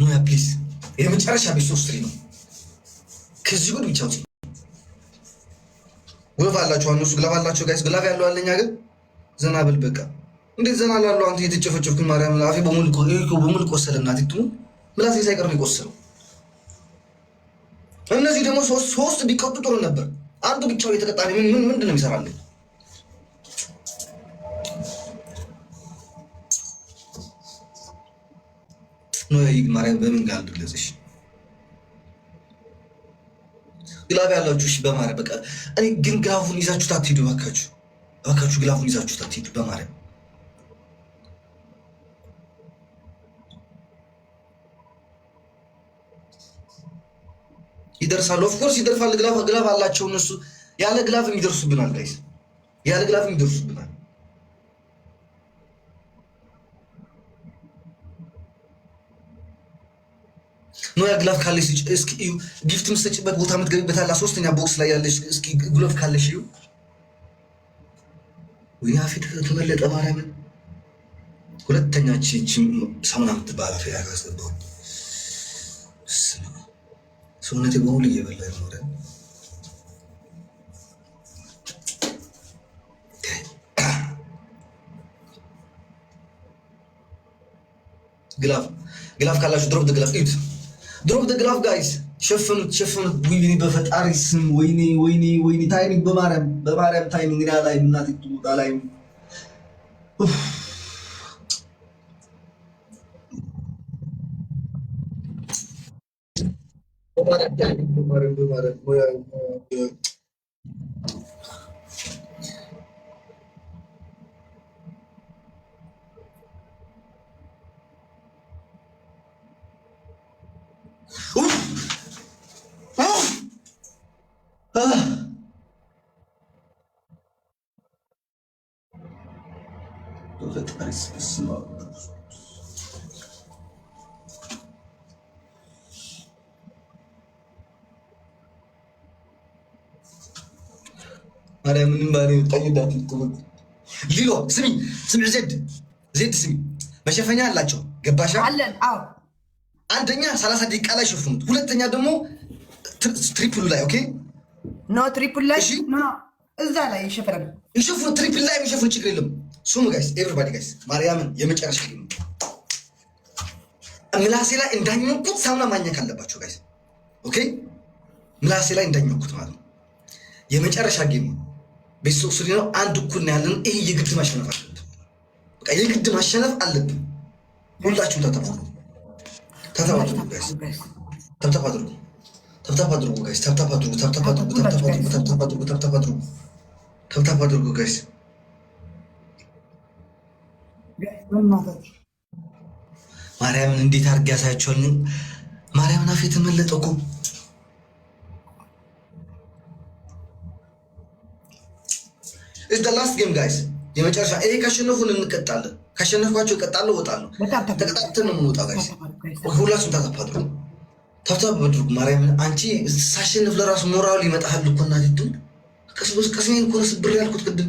ሙያ ፕሊዝ፣ የመጨረሻ ቤት ሶስት ትሪ ነው። ከዚህ ጉድ ብቻ ውስጥ ወፍ አላቸው። አንሱ ግላብ አላቸው። ጋይስ ግላብ ያለው አለኛ ግን ዘና ብል በቃ። እንዴት ዘና ላለው አንተ የተጨፈጨፍኩኝ ማርያም አፌ በሙሉ ቆሰለ። እናቴ ትሙት ምላስ ሳይቀር ነው የቆሰለው። እነዚህ ደግሞ ሶስት ቢቀጡ ጥሩ ነበር። አንዱ ብቻው የተቀጣሪ ምን ምን ነው የሚሰራለን? ማርያም በምን ጋር ልግለጽሽ? ግላፍ ያላችሁ እሺ፣ በማርያም በቃ እኔ ግን ግላፉን ይዛችሁት አትሄዱ፣ እባካችሁ እባካችሁ፣ ግላፉን በማርያም ይደርሳሉ። ኦፍኮርስ ይደርፋል። ግላፍ ግላፍ አላቸው እነሱ። ያለ ጋይስ፣ ያለ ግላፍ የሚደርሱብናል። ኖያ ግላፍ ካለሽ ልጅ እስኪ እዩ። ጊፍት የምትሰጭበት ቦታ የምትገቢበት አላ ሶስተኛ ቦክስ ላይ ያለሽ እስኪ ግሎፍ ካለሽ እዩ። ፊት ተመለጠ ማርያምን ሁለተኛ ቺችን ሰሙና የምትባላ ፌ ያስገባው ሰውነቴ በሙሉ እየበላ ኖረ። ግላፍ ግላፍ ካላችሁ ድሮፕ ግላፍ እዩት። ድሮፕ ግላፍ ጋይስ ሸፍኑት፣ ሸፍኑት። ወይኔ በፈጣሪ ስም ወይኔ፣ ወይኔ፣ ወይኔ። ታይሚንግ በማርያም በማርያም ታይሚንግ ና ላይ እናት ትሙጣ ላይ በፈጣሪ ስስማ ማርያምንም ባሪ ጠይዳት ልትወቅ ሊሎ ስሚ ስሚ፣ ዜድ ዜድ ስሚ፣ መሸፈኛ አላቸው። ገባሻ አለን። አዎ አንደኛ ሰላሳ ደቂቃ ላይ ሸፍኑት። ሁለተኛ ደግሞ ትሪፕሉ ላይ ኦኬ። ኖ ትሪፕል ላይ እዛ ላይ ይሸፍናል። ይሸፍኑ ትሪፕል ላይ የሚሸፍኑ ችግር የለም። ሱሙ ጋይስ ኤቨሪባዲ ጋይስ ማርያምን የመጨረሻ ጊዜ ነው። ምላሴ ላይ እንዳኘኩት ሳሙና ማኘክ አለባቸው ጋይስ። ኦኬ ምላሴ ላይ እንዳኘኩት ማለት ነው። የመጨረሻ ጌም ነው። ቤተሰብ ሱሪ ነው። አንድ እኩል ያለን። ይሄ የግድ ማሸነፍ አለብን። በቃ የግድ ማሸነፍ አለብን። ሁላችሁም ተተባሉ ተተባ አድርጉ ጋይስ። ተብተብ አድርጉ ጋይስ። ተብተብ አድርጉ ተብተብ አድርጉ ተብተብ አድርጉ አድርጉ ጋይስ ማርያምን እንዴት አድርጌ ያሳያቸዋልን? ማርያምን አፌ ተመለጠ እኮ ላስት ጌም ጋይስ፣ የመጨረሻ ይሄ ካሸነፉን እንቀጣለን። ካሸነፍኳቸው እቀጣለሁ፣ እወጣለሁ። ተቀጣጥተን ነው የምንወጣው ጋይስ። ሁላችሁም ታታፓድሩ ታብታብ በድርጉ። ማርያምን አንቺ ሳሸንፍ ለራሱ ሞራሉ ይመጣሃል እኮ እናቴ። ቅስሜን እኮ ነው ስብር ያልኩት ቅድም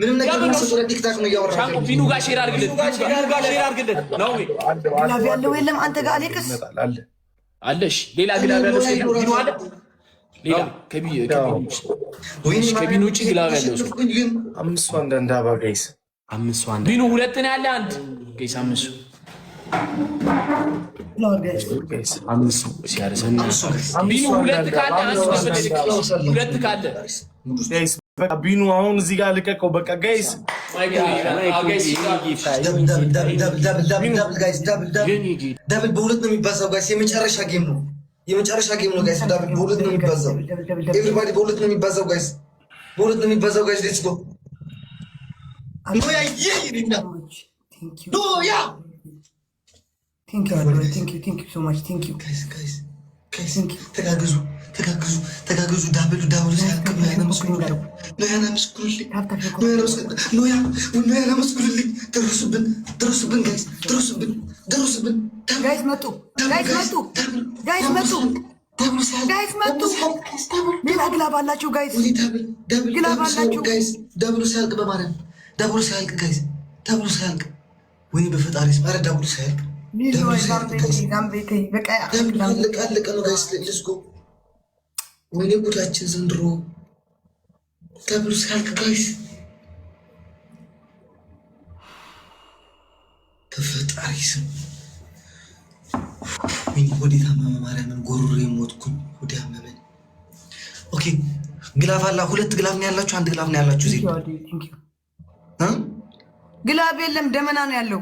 ምንም ነገር ቲክታክ ነው እያወራ ፊኑ ጋር ሼር አድርግለት ነው ያለው። የለም አንተ ጋር አሌክስ አለሽ ሌላ ግላብ ያለው ፊኑ አለ ከቢኑ ውጭ ግላብ ያለው አምስቱ ቢኑ ሁለት ነው ያለ አንድ ጋይስ አምስቱ ሁለት ካለ ቢኑ አሁን እዚህ ጋር ልቀቀው። በቃ ጋይስ ደብል በሁለት ነው የሚባዛው። ጋይስ የመጨረሻ ጌም ነው፣ የመጨረሻ ጌም ነው። ጋይስ ደብል በሁለት ነው የሚባዛው። ኤቭሪባዲ በሁለት ነው የሚባዛው። ጋይስ በሁለት ነው የሚባዛው። ጋይስ ሌትስ ጎ ተጋግዙ ተጋግዙ ተጋግዙ። ዳብሉ ዳብሉ ሲያልቅም ሎያና መስክሩልኝ፣ ሎያና መስክሩልኝ፣ ደረሱብን፣ ደረሱብን፣ ጋይስ ደረሱብን፣ ደረሱብን። ጋይስ መጡ፣ ጋይስ መጡ፣ ጋይስ መጡ፣ ጋይስ መጡ። ሲያልቅ ሲያልቅ ሲያልቅ ወይ በፈጣሪ ሲያልቅ ነው ልስጎ ወይኔ ጉዳችን ዘንድሮ ተብሎ እስካልክ ጋይስ ተፈጣሪ ስም ወደ ታመመ ማርያምን ጎሮሮ የሞትኩኝ ወደ አመመን። ኦኬ ግላፍ አላ ሁለት ግላፍ ነው ያላችሁ? አንድ ግላፍ ነው ያላችሁ? ግላፍ የለም ደመና ነው ያለው።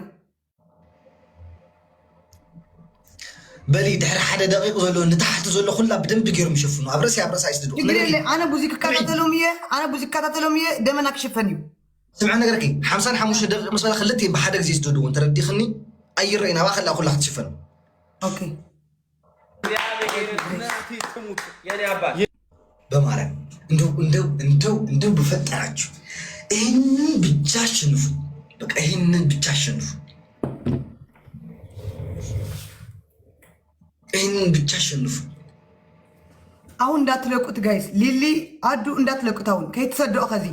በሊ ድሕሪ ሓደ ደቂቕ ዘሎ ንታሕቲ ዘሎ ኩላ ብደንቢ ገይሮም ይሸፍኑ ኣብ ርእሲ ኣብ ርእሲ ኣይስድዱ ኣነ ብዙ ክከታተሎም እየ ኣነ ብዙ ክከታተሎም እየ ደመና ክሸፈን እዩ ስምዐ ነገርኪ ሓምሳን ሓሙሽተ ደቂቕ ምስ በላ ክልተ ብሓደ ግዜ ይስድዱ እውን ተረዲኽኒ ኣይረአዩ ናባ ከላ ኩላ ክትሽፈኑ በማርያም እንደው እንደው እንደው እንደው ብፈጠራችሁ ይህንን ብቻ አሸንፉ። በቃ ይህንን ብቻ አሸንፉ። ጌሙን ብቻ አሸንፉ። አሁን እንዳትለቁት ጋይስ፣ ሊሊ አዱ እንዳትለቁት። አሁን ከይትሰድኦ ከዚ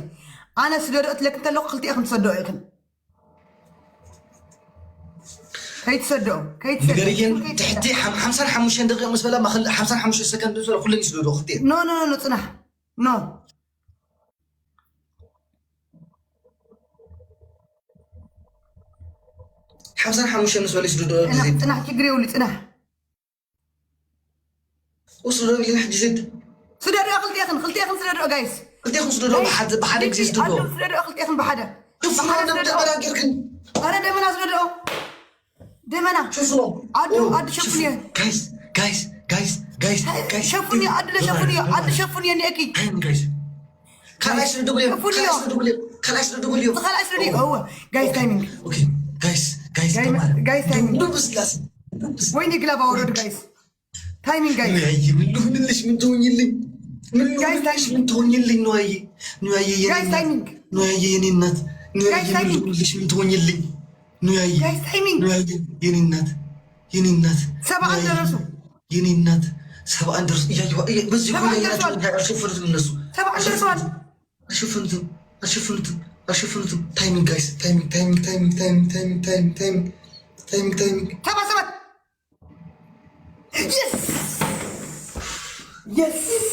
ኣነ ስደድኦ ትለክ እንተለኩ ክልቲኤ ከም ኢኹን ከይትሰድኦ ገርየን ትሕቲ ሓምሳን ሓሙሽተን ደቂቕ ምስ በላ ሓምሳን ሓሙሽተ ሰከንድ ምስ ኩለን ይስደድኦ ክልቲኤ ኖ ኖ ኖ ፅናሕ ኖ ሓምሳን ሓሙሽተ ምስ በላ ይስደድኦ ፅናሕ ችግር የብሉ ፅናሕ وصلوا لهم لحد جد سدارو خلتيخن خلتيخن سدارو جايز خلتيخن وصلوا لهم بحد بحد جيز دبو سدارو خلتيخن بحد شوف انا نبدا بلا كركن انا دايما سدارو دايما شوف لهم عدو عدو شوفني جايز جايز جايز جايز جايز شوفني عدو شوفني عدو شوفني يعني اكيد جايز خلاص ندوب اليوم خلاص ندوب اليوم خلاص ندوب اليوم خلاص ندوب هو جايز تايمينج اوكي جايز جايز جايز تايمينج وين يقلب اورد جايز ታይሚንግ ጋይ ልሁንልሽ ምን ትሆኝልኝ ምን ትሆኝልኝ ነው ያየ ነው ያየ የኔ እናት ነው ያየ ልሁንልሽ ምን ትሆኝልኝ ነው ያየ ነው የኔ እናት የኔ እናት ሰባ አንድ ደረሱ የኔ እናት ሰባ አንድ ደረሱ እያየሁ በዚህ አልሸፈኑትም እነሱ ሰባ አንድ ደርሰዋል አልሸፈኑትም አልሸፈኑትም አልሸፈኑትም ታይሚንግ ጋይስ ታይሚንግ ታይሚንግ ታይሚንግ ታይሚንግ ታይሚንግ ታይሚንግ ታይሚንግ ታይሚንግ Yes!